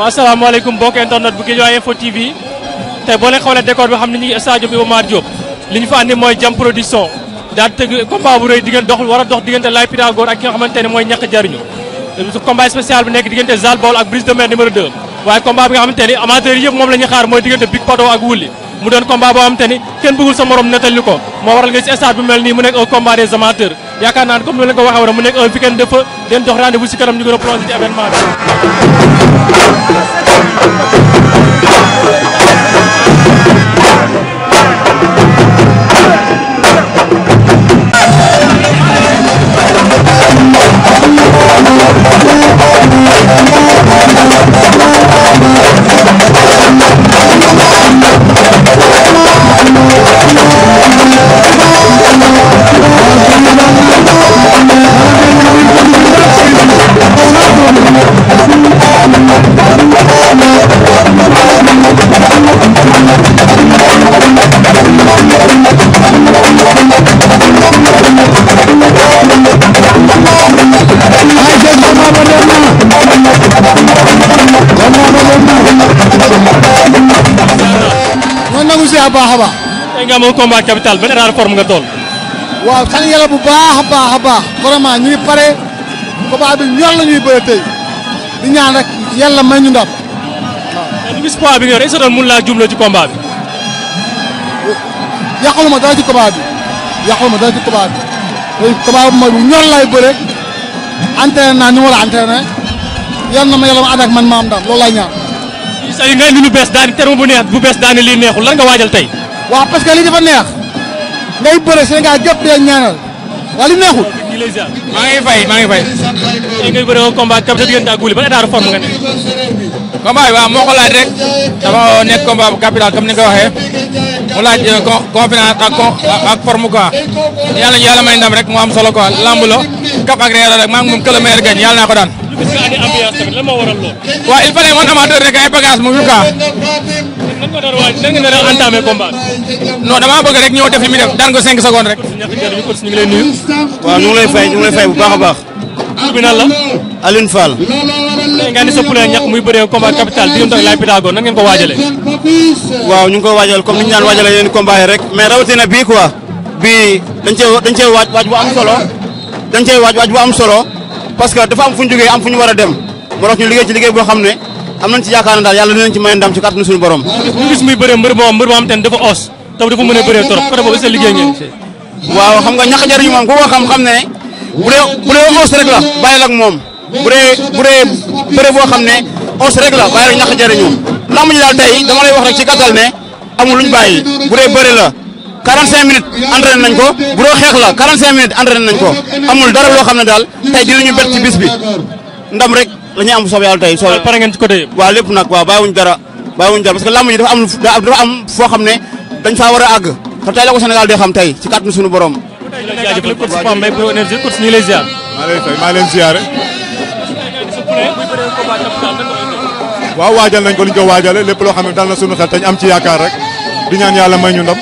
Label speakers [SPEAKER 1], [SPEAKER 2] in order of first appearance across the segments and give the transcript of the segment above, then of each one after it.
[SPEAKER 1] waaw asalaamaaleykum mbokk internet bu Guédiawaye Info TV tey boo leen xoolee décor bi xam ne ñu ngi stade bi Iba Mar Diop li ñu fa andi mooy jam production daal tëgg combat bu rëy dox war a dox diggante Laye Pythagore ak ki nga xamante ne mooy ñàkk jariñu combat spécial bi nekk diggante Zal Baol ak Brise de Mer numéro 2 waaye combat bi nga xamante ni amateur yëpp moom la xaar mooy diggante Big Pato ak Wuli mu doon combat boo xamante ni kenn yaakaar naa comme ni leen ko waxee woon mu nekk un weekend de feu leen jox rendez-vous si kanam ñu gën a événement bi nga amoon combat capital ban état de forme nga toll. waaw
[SPEAKER 2] sant bu baax a baax a baax vraiment ñu ngi pare combat bi ñor ñuy bëre tey di ñaan rek yàlla may ñu ndam waaw. ñu gis poids bi nga yor est mun laa jumla ci combat bi. yàqaluma dara ci combat bi yàqaluma dara ci combat bi tey combat bu mag bi ñor laay bëre entraîné naa ñu war a entraîné yal man maam ndam loolu laay ñaan. say ngay lu bees bu neex bu bees daani lii neexul lan nga waajal tey. wapas kali que dafa neex ngay bëre Sénégal gépp di ñaanal
[SPEAKER 1] waa neexul. ma ngay fay ma ngay fay. tey ngay bëre combat cap de ak gouli ban état de forme nga nekk. combat wa moko laaj rek dafa nekk combat capital comme ni nga waxe mu laaj confiance ak ak forme quoi yalla yalla may ndam rek mu am solo quoi lamb lo, cap ak réer rek ma ngum moom que le meilleur gagne yalla nako ko daan. il fallait mon amateur rek ay pas mu nan nga dara waaj nan nga dara entamé combat non dama bëgg rek ñëw def limi def daan ko 5 secondes rek ñu ngi lay nuyu
[SPEAKER 3] waaw ñu ngi lay fay ñu ngi lay fay
[SPEAKER 1] bu baax a baax bi nan la Aline Fall capital di ndox lay pythagore nan ngeen ko waajalé waaw ñu ngi ko waajal comme ñu ñaan waajalé yeneen combat
[SPEAKER 2] am solo dañ cey am solo parce que dafa am fuñ am fuñ wara dem mo tax ñu am nañ ci yaakaar ne daal yàlla dinañ ci may ndam ci kàttanu suñu borom ñu gis muy
[SPEAKER 1] bëree mbër boo mbër boo xam te ne dafa os taw dafa mën a bëree trop côté boobu sa liggéey ngeen
[SPEAKER 2] waaw xam nga moom ku ko xam
[SPEAKER 1] xam la bàyyil ak moom bu
[SPEAKER 2] boo xam ne os rek la bàyyil ak ñàkk jariñu lamb ji daal tey dama lay wax rek ci gàttal ne
[SPEAKER 3] amul luñ bàyyi bu dee bëre la 45 minutes entraîné nañ ko bu dee xeex la nañ ko amul dara loo xam ne daal tey ñu bet ci bis bi ndam rek
[SPEAKER 2] la am soob yàlla tey soob pare ngeen ci côté yëpp waaw lépp nag waaw bàyyiwuñ dara bàyyiwuñ dara parce que làmb dafa am dafa foo xam ne dañ faa war a àgg te tey la ko Sénégal xam tey ci kàttanu suñu borom
[SPEAKER 3] ñu lay ziar maa lay maa leen ziare waajal nañ ko li ñu ko waajale lépp loo xam ne dal na sunu xel tañ am ci yaakaar rek di ñaan yàlla may ñu ndam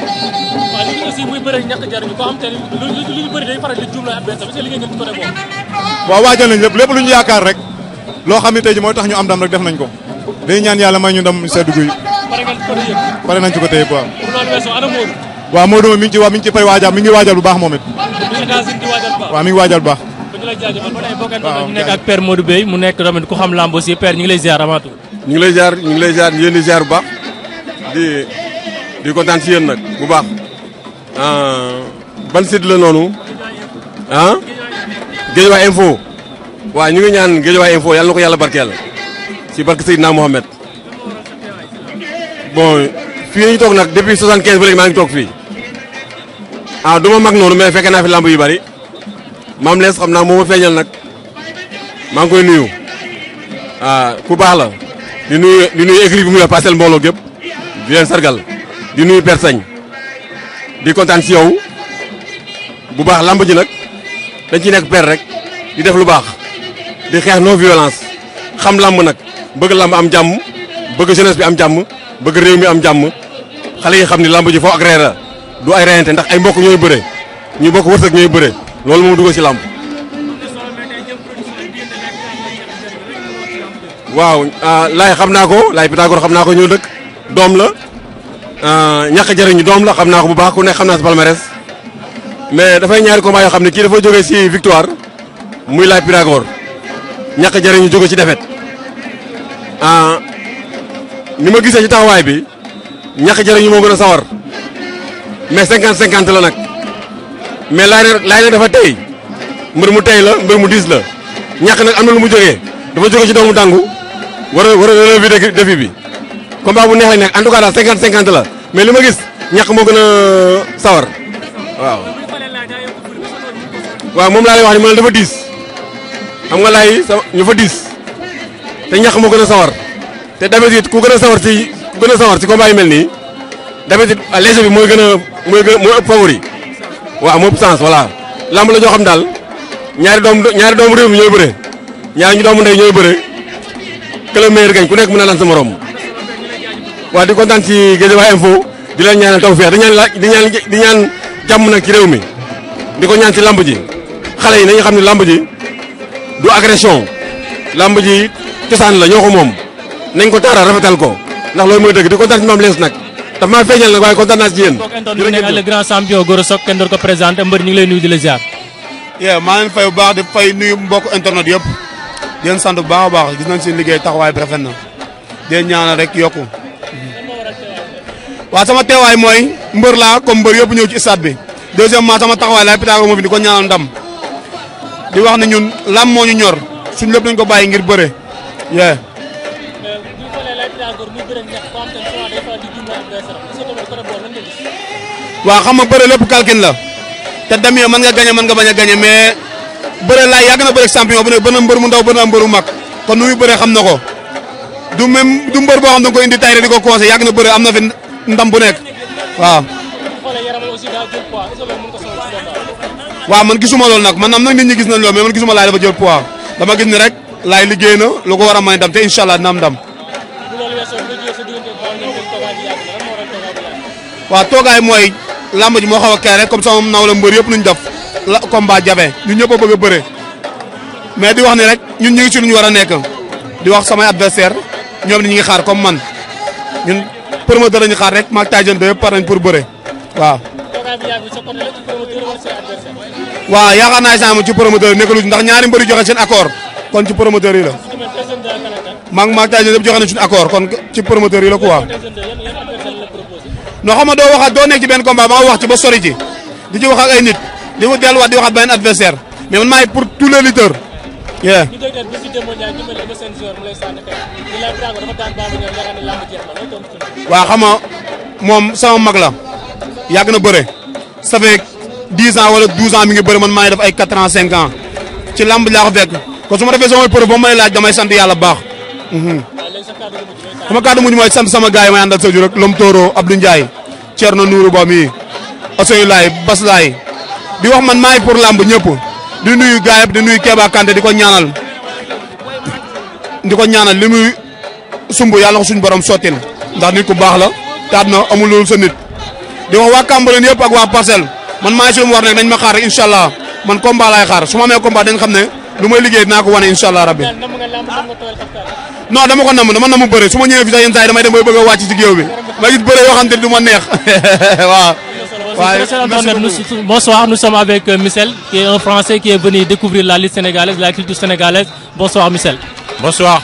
[SPEAKER 3] waaw waajal nañ lépp lépp lu ñu yaakaar rek loo xam ne tey ji mooy tax ñu am ndam rek def nañ ko day ñaan yàlla may ñu ndam seddu guy pare nañ ci ko tey waaw waaw Modou mi ngi ci waa mi ngi ci pare waajal mi ngi waajal bu baax moom it mi ngi waajal bu baax
[SPEAKER 1] ñu nekk ak père Modou Bey mu nekk tamit
[SPEAKER 4] ku xam lamb aussi père ñu ngi lay ziar avant tout ñu ngi lay ziar ñu ngi lay ziar yéen di ziar bu baax di di kontaan si yéen nag bu baax ah, ban site la noonu ah Guédiawaye info wa ñu ngi ñaan Guédiawaye info yalla nako yalla yàlla barkeel ci barke sayyidna mohammed bon fi ñu tok nak depuis 75 ba ah, ma ngi tok fi ah duma mag nonu mais fekke na fi lamb yu bari les xamna mo feñal nak ma ngi koy nuyu ah ku baax la di nuyu di nuyu écrit bu mu la pastel mbooloo di len sargal di nuyu persagne di contane ci yow bu baax lamb ji nak dañ ci nek per rek di def lu baax di xeex non violence xam làmb nag bëgg làmb am jàmm bëgg jeunesse bi am jàmm bëgg réew mi am jàmm xale yi xam ni làmb ji foo ak reer la du ay reyante ndax ay mbokk ñooy bëre ñu bokk wërsëg ñooy bëre loolu moom dugg si làmb waaw ah, laay xam naa ko laay Pythagore xam naa ko ñoo dëkk doom la ah, ñàkk jëriñu doom la xam naa ko bu baax ku nekk xam naa si palmarès mais dafay ñaari combat yoo xam ne kii dafa jógee si victoire muy laay Pythagore ñaka jariñu joge ci defet ah nima gisee ci taxaway bi ñaka jariñu mo gëna sawar mais 50 50 la nak mais laay laay dafa tay mbir mu tay la mbir mu dis la ñak nak amna lu mu joge dafa joge ci doomu dangu wara wara la fi défi bi combat bu neex nak en tout cas 50 50 la mais lima gis ñak mo gëna sawar waaw waaw mom la lay wax ni man dafa 10 xam nga lay ñu fa dis te ñax mo gëna a sawar te yi ku gëna sawar ci ku gën sawar ci ko bay melni nii a ah, léger bi moy gëna a mooy gën favori wa mo puissance sens voilà lamb la jo xam dal ñaari dom ñaari dom rew ñoy bëre ñaari ñu dom ndey ñoy bëre que le meilleur gagne ku nekk mëna lan sa morom wa di kontaan ci wa info di la ñaanal fex di ñaan la di ñaan di ñaan jamm nak ci rew mi di ko ñaan ci lamb ji xalé yi nañu xamni lamb ji du agression làmb ji cosaan la ñoo ko moom nañ ko taaral rafetal ko ndax loolu mooy dëgg di kontaan ci Mame Less nag
[SPEAKER 3] daf maa feeñal nag waaye kontaan naa ci yéen. jërëjëf le grand champion Gora Sock kenn doon ko présenté mbër ñu ngi lay nuyu di la yee maa leen fay bu baax di fay nuyu mbokk internet yëpp di leen sant bu baax baax gis nañ seen liggéey taxawaay bi rafet na di leen ñaanal rek yokku. waaw sama teewaay mooy mbër laa comme mbër yëpp ñëw ci stade bi deuxièmement sama taxawaay laay pitaago moo di wax ne ñun lam moo ñu ñor suñu lepp nañ ko bayyi ngir bëre yeah. wa xam nga bëre lépp calcul la te damiyo man nga gagné man nga baña a gagné mais bëre la yag na bëre champion bu ne bëna mbër mu ndaw bëna mbër mu mag kon nu bëre xam nako du même du mbër bo xam ko indi tayre diko conseil yag na bëre amna fi ndam bu nek wa waaw man gisuma loolu nag man am nag nit ñi gis nañ loolu mais man gisuma laay dafa jël poids dama gis ni rek laay liggéey na lu ko war a may ndam te incha allah dina am ndam. waaw toogaay mooy làmb moo xaw a kay rek comme sama naw la mbër yëpp nuñ def la combat jafe ñun ñëpp a bëre mais di wax ni rek ñu ngi ci lu ñu war a nekk di wax samay adversaire ñoom ni ñu xaar comme man ñun promoteur la ñu xaar rek maag taajante yëpp par nañ pour bëre waaw. wa yaakaar naa instant ci promoteur nekk lu ndax ñaari mbeuri joxe seen accord kon ci promoteur yi la mang maag tay ñëpp joxe nañ suñu accord kon ci promoteur yi la quoi no xama do waxa do nek ci ben combat ba wax ci ba sori ci di ci wax ak ay nit di wut delu wat di wax ak ben adversaire mais man may pour tous les lutteurs yeah wa xama mom sama mag la yag na beure ça fait dix an wala douze ans mi ngi bëri man maa ngi def ay quatre ans cinq ans ci lamb laa ko fekk defee samay preuve ba may laaj damay sant yàlla bu baax. Mhm. sama kàddu mujj mooy sant sama gars yi may àndal sa jur rek Lom Toro Abdou Ndiaye Thierno Nourou Ba mii Ousseynou Laye Bas Laye di wax man maay pour lamb ñëpp di nuyu gars yëpp di nuyu Kéba Kanté di ko ñaanal di ko ñaanal li muy sumb yàlla na ko suñu borom sottil ndax nit ku baax la te na amul sa nit di wax waa Cambérène yëpp ak waa man ma ci mu war nak dañ ma xaar rek incha man combat lay xaar suma me combat dañ xamne ne lu may liggéey dinaa ko wane incha allah rabbi non dama ko namm dama namu bëre suma ñëw fi sax yenn saa dem bay bëgg a ci géew bi ma gis bëre yo xam te du ma neex waaw
[SPEAKER 1] bonsoir, nous sommes avec euh, Michel, qui est un Français qui est venu découvrir la liste sénégalaise, la culture sénégalaise. Bonsoir Michel.
[SPEAKER 5] Bonsoir.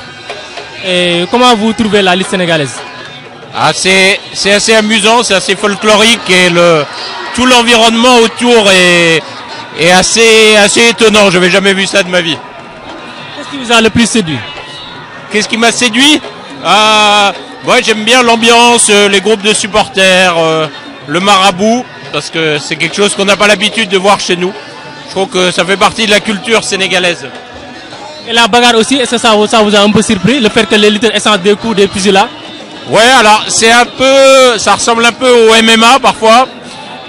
[SPEAKER 5] Et comment vous trouvez la liste sénégalaise ah, C'est assez amusant, c'est assez folklorique et le, tout l'environnement autour est, assez, assez étonnant. Je n'avais jamais vu ça de ma vie. Qu'est-ce qui vous a le plus séduit Qu'est-ce qui m'a séduit ah, ouais, J'aime bien l'ambiance, euh, les groupes de supporters, euh, le marabout, parce que c'est quelque chose qu'on n'a pas l'habitude de voir chez nous. Je trouve que ça fait partie de la culture sénégalaise.
[SPEAKER 1] Et la bagarre aussi, est-ce que ça, vous
[SPEAKER 5] a un peu surpris, le fait que les lutteurs essence des coups, des fusils là Ouais, alors c'est un peu, ça ressemble un peu au MMA parfois,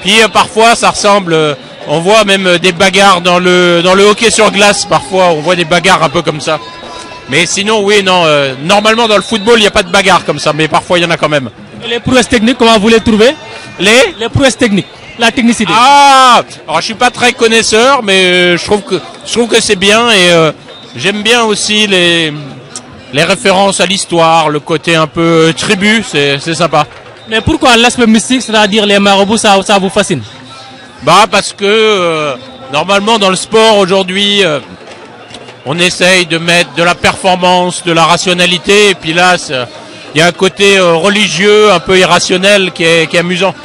[SPEAKER 5] puis hein, parfois, ça ressemble. Euh, on voit même euh, des bagarres dans le, dans le hockey sur glace. Parfois, on voit des bagarres un peu comme ça. Mais sinon, oui, non. Euh, normalement, dans le football, il n'y a pas de bagarre comme ça, mais parfois, il y en a quand même. les prouesses techniques, comment vous les trouvez Les Les prouesses techniques. La technicité. Ah Alors, je suis pas très connaisseur, mais je trouve que je trouve que c'est bien et j'aime bien aussi les les références à l'histoire, le côté un peu tribu, c'est sympa. Mais pourquoi l'aspect mystique, c'est-à-dire les marabouts, ça, vous fascine Bah parce que euh, normalement dans le sport aujourd'hui, euh, on essaye de mettre de la performance, de la rationalité, et puis là, il y a un côté euh, religieux, un peu irrationnel, qui est, amusant.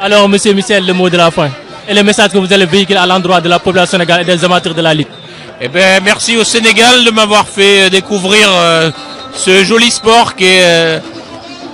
[SPEAKER 5] Alors, Monsieur Michel, le mot de la fin et le message que vous allez
[SPEAKER 1] véhiculer à l'endroit de la population sénégalaise et des amateurs de la Ligue.
[SPEAKER 5] Eh bien, merci au Sénégal de m'avoir fait découvrir ce joli sport qui est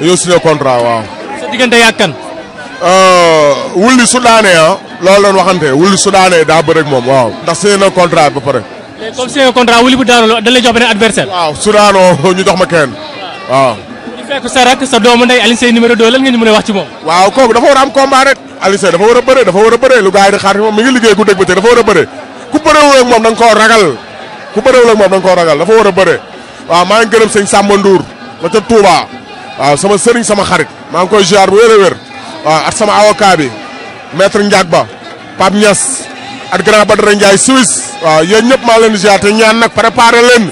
[SPEAKER 6] dañoo signé contrat waaw. sa diggante yàkkan. Euh, wulli su daanee ah. loolu la ñu waxante wulli su daanee daa bëri ak moom waaw. ndax signé na contrat ba pare. léegi comme signé contrat wulli bu daanoo dañ lay jox beneen adversaire. waaw su oh, ñu jox ma kenn waaw. di fekk sa rak sa doomu ndey Alioune Seye numéro 2 lan ngeen di mën wax ci moom. waaw kooku dafa war a am rek. Alioune dafa war a bëree dafa war a bëree lu gars yi di moom mi ngi liggéey ku dégg ba dafa war a koo ragal ku bëreewul ak moom da nga ragal dafa war a bëree waaw maa ngi gërëm Samba Ndour ba ca Touba waaw sama sëriñ sama xarit maa ngi koy ziar bu wér a wér waaw ak sama avocat bi maître Ndiak Ba Pape Niass ak grand Badara Ndiaye Suisse waaw yéen ñëpp maa leen ziar te ñaan nag préparé leen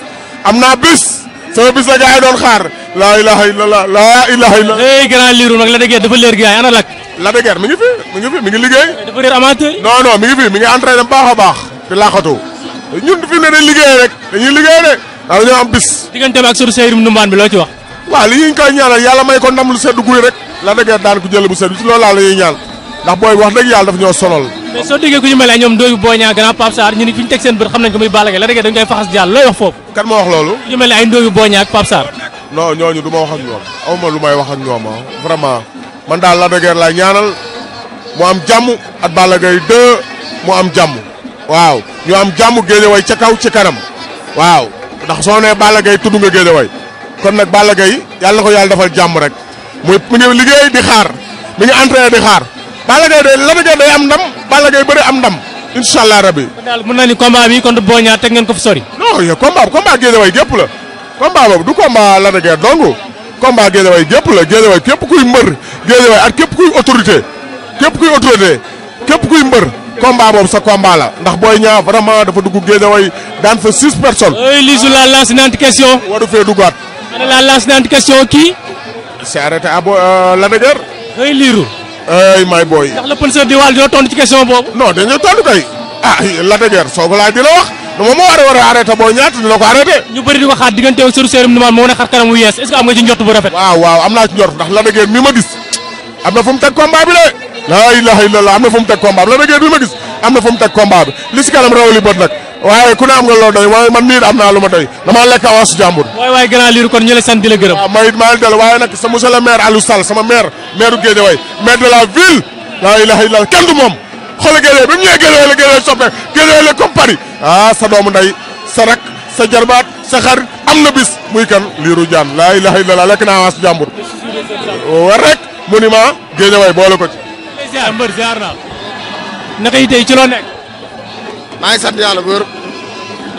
[SPEAKER 6] am naa bis sama bis a gars yi doon xaar laa ilaha illallah laa ilaha la eh grand liiru nag la déggee dafa leer gars yi ana lak la déggee mi ngi fi mi ngi fi mi ngi liggéey dafa réer amateur mi ngi fi mi ngi entraîné baax a baax di laaxatu ñun fi ne dañ liggéey rek dañuy liggéey bi loo ci wax wa li ngi koy ñaanal yalla may ko ndam lu seddu guy rek la dege daan ku jël bu seddu ci loolu la ñuy ñaan ndax boy wax deug yalla daf ñoo sonal
[SPEAKER 1] mais so dege ku ñu melé ñom dooyu booy ñaa grand pape sarr ñu ni fi tek seen bër xamnañ ko muy balagé la dege dañ koy faxas jall loy wax foofu kan mo
[SPEAKER 6] wax loolu ñu melé ay ndooyu booy ñaa ak pap sar non ñooñu du ma wax ak ñoom awma lu may wax ak ñoom ah. vraiment man daal la dege la ñaanal mu am jamm at balagé 2 mu am jamm waaw ñu am jamm gëlé way ci kaw ci karam waaw ndax so nee balagé tuddu nga gëlé way kon nag Balla Gaye yàlla na ko yàlla defal jàmm rek muy mu ngi liggéey di xaar mi ngi entraîné di xaar Balla day Lac de day am ndam Balla Gaye bëri am ndam incha allah rabi. kon daal mën naa ni combat bi contre Boy Niang teg ngeen ko fi sori. non yow combat combat Guédiawaye gépp la combat boobu du combat Lac de Guiers dong combat Guédiawaye gépp la Guédiawaye képp kuy mbër Guédiawaye ak képp kuy autorité képp kuy autorité képp kuy mbër. combat boobu sa combat la ndax Boy Niang vraiment dafa dugg Guédiawaye daan fa six personnes. lisu la lancinante question. waru fee duggaat. ma ne laa lancé naa question kii. c'est arrêté abo ah, euh, la dëgër. xëy liiru. ay may booy. ndax le professeur di wàll dina tontu ci question boobu. non dañoo tontu tey. ah la soo ko laaj di wax. dama moo war a war a arrêté booy ñaata dina ko arrêté. ñu bëri di ko diggante ak Serigne Serigne Ndoumbane moo ne xar kanam wu yees est am nga ci njort bu rafet. waaw waaw am naa ci njort ndax la mi ma gis. am na fu mu teg combat bi de. laa ilaha illallah am na fu mu teg waaye ku ne am nga loo doy man mii am naa lu ma doy dama lekk avance jàmbur. waay waay grand Lirou may it waaye nag sa monsieur le maire Aliou Sall sama maire maire Guédiawaye maire de la ville laa ilaha illallah kenn du moom xoolal Guédiawaye bi mu ñëwee Guédiawaye la Guédiawaye la comme Paris ah sa doomu nday am na bis muy kan Lirou Diane laa ilaha illallah lekk naa avance jàmbur war rek boole ko ci. ziar yi tey ci
[SPEAKER 1] loo nekk.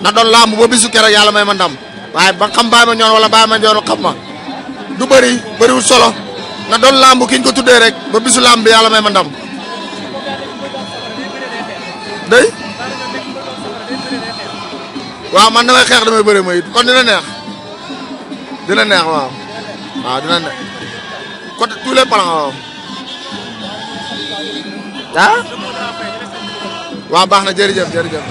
[SPEAKER 2] na don lamb bo bisu kera yalla may ma ndam waaye ba xam baama ñoon wala baama ma ñoon xam ma du bari wu solo na don lamb kiñ ko tuddé rek ba bisu lamb bi may ma ndam day wa man damay way xex dama bari may kon dina neex dina neex wa wa dina neex ko tous les plans ah waa baax na jërëjëf jërëjëf jërëjëf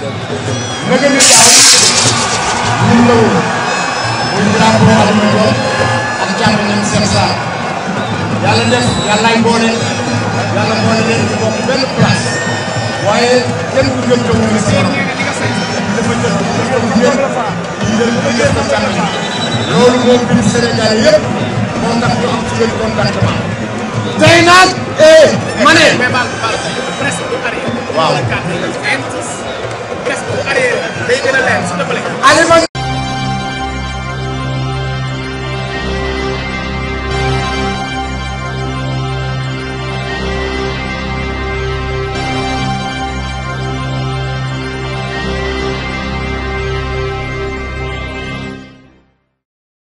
[SPEAKER 2] yàlla def yàllaay boole yàlla boole leen di bokk benn place waaye kenn ku gëm gëm ñu si morom dafa jot dafa jël ñu jël ñu jël ko jàng loolu moom biir yëpp moo tax ñu am ci
[SPEAKER 3] tey nag. eh ma waaw.